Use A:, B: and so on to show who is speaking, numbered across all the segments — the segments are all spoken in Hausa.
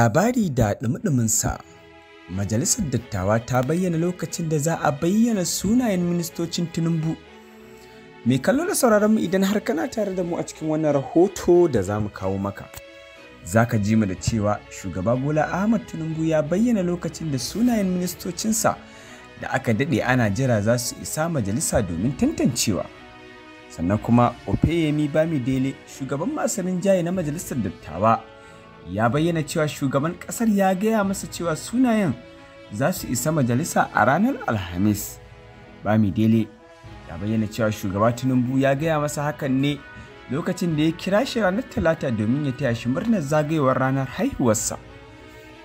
A: labari da ɗumɗuminsa majalisar dattawa ta bayyana lokacin da za a bayyana sunayen ministocin tinubu mai kallo da sauraron mu idan har kana tare da mu a cikin wannan rahoto da za mu kawo maka za ka ji mu da cewa shugaba bola ahmad tinubu ya bayyana lokacin da sunayen ministocinsa da aka daɗe ana jira za su isa majalisa domin tantancewa sannan kuma opeyemi bamidele shugaban masanin jaye na majalisar dattawa ya bayyana cewa shugaban kasar ya gaya masa cewa sunayen za su isa majalisa a ranar alhamis ba mi dele ya bayyana cewa shugaba tinubu ya gaya masa hakan ne lokacin da ya kira shi ranar talata domin ya taya shi murnar zagayewar ranar haihuwarsa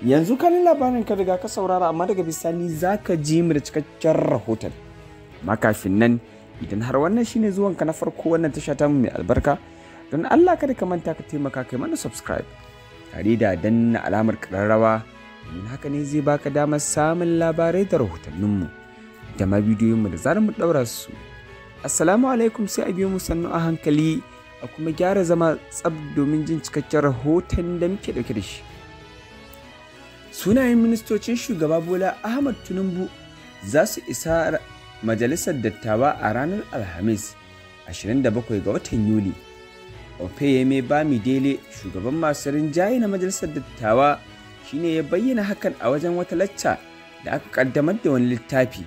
A: yanzu kanin labarin ka daga ka saurara amma daga bisani za ka ji mu da cikakken rahoton makafin nan idan har wannan shine zuwanka na farko wannan tasha ta mu mai albarka don allah kada ka manta ka taimaka kai mana subscribe tare da danna alamar ƙararrawa domin haka ne zai baka damar samun labarai da rahotanninmu da ma bidiyoyinmu da zarar mu ɗaura su. Assalamu alaikum sai a biyo mu sannu a hankali a kuma gyara zama tsab domin jin cikakken rahoton da muke ɗauke da shi. Sunayen ministocin shugaba Bola Ahmad Tinubu za su isa majalisar dattawa a ranar Alhamis 27 ga watan Yuli. Opeyeme Bamidele shugaban masu rinjaye na majalisar dattawa shine ya bayyana hakan a wajen wata lacca da aka kaddamar da wani littafi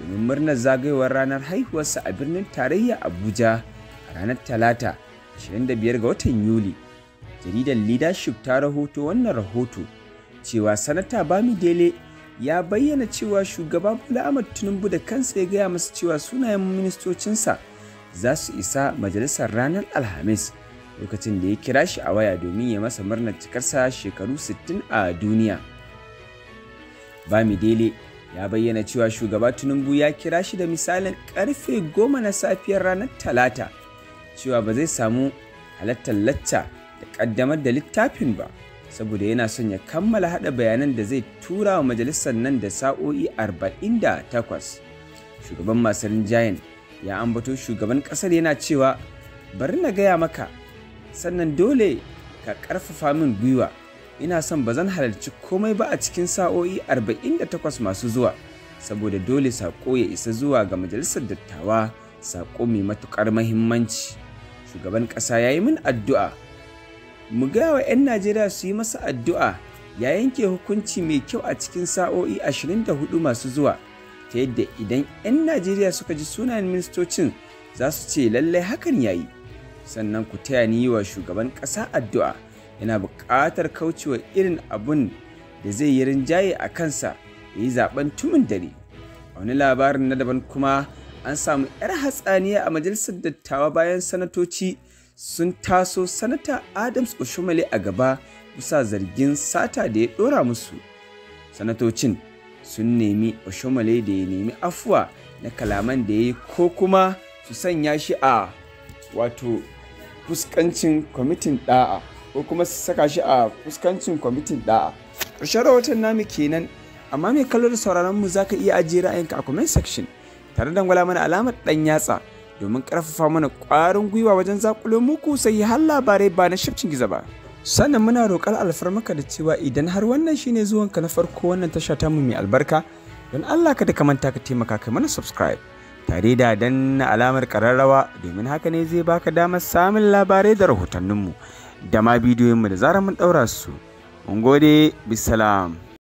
A: domin murnar zagayowar ranar haihuwarsa a birnin tarayya Abuja a ranar Talata 25 ga watan Yuli. Jaridar Leadership ta rahoto wannan rahoto cewa Sanata Bamidele ya bayyana cewa shugaba Bola Ahmed Tinubu da kansa ya gaya masa cewa sunayen ministocinsa za su isa majalisar ranar Alhamis. lokacin da ya kira shi a waya domin ya masa murnar cikarsa shekaru 60 a duniya. Bamidele ya bayyana cewa shugaba Tinubu ya kira shi da misalin karfe goma na safiyar ranar Talata cewa ba zai samu halattar lacca da ƙaddamar da littafin ba saboda yana son ya kammala haɗa bayanan da zai tura wa majalisar nan da sa'o'i 48. Shugaban masu rinjayan ya ambato shugaban ƙasar yana cewa bari na gaya maka sannan dole ka ƙarfafa min gwiwa ina son ba zan halarci komai ba a cikin sa'o'i 48 masu zuwa saboda dole saƙo ya isa zuwa ga majalisar dattawa saƙo mai matuƙar mahimmanci shugaban ƙasa ya yi min addu'a mu gawa 'yan najeriya su yi masa addu'a ya yanke hukunci mai kyau a cikin sa'o'i 24 masu zuwa ta yadda idan 'yan najeriya suka ji sunayen ministocin za su ce lallai hakan yayi. sannan ku taya ni wa shugaban ƙasa addu'a yana buƙatar kaucewa irin abun da zai yi rinjaye a kansa ya yi zaben tumin dare a wani labarin na daban kuma an samu 'yar hatsaniya a majalisar dattawa bayan sanatoci sun taso sanata adams oshomale a gaba bisa zargin sata da ya ɗora musu sanatocin sun nemi oshomale da ya nemi afuwa na kalaman da ya yi ko kuma su sanya shi a wato fuskancin kwamitin ɗa'a ko kuma saka shi a fuskancin kwamitin ɗa'a ƙarshen rahoton namu kenan amma mai kallo da sauraron mu zaka iya ajiye ra'ayinka a comment section tare da gwala mana alamar ɗan yatsa domin ƙarfafa mana ƙwarin gwiwa wajen zakulo muku sai har labarai ba na shafcin giza ba. sannan muna roƙar alfarmaka da cewa idan har wannan shine zuwanka na farko wannan tasha tamu mai albarka don Allah ka da ka manta ka taimaka kai mana subscribe tare da danna alamar kararrawa domin haka ne zai baka damar samun labarai da rahotanninmu da ma bidiyoyinmu da zarar mun daura su. Mun gode, bisalam.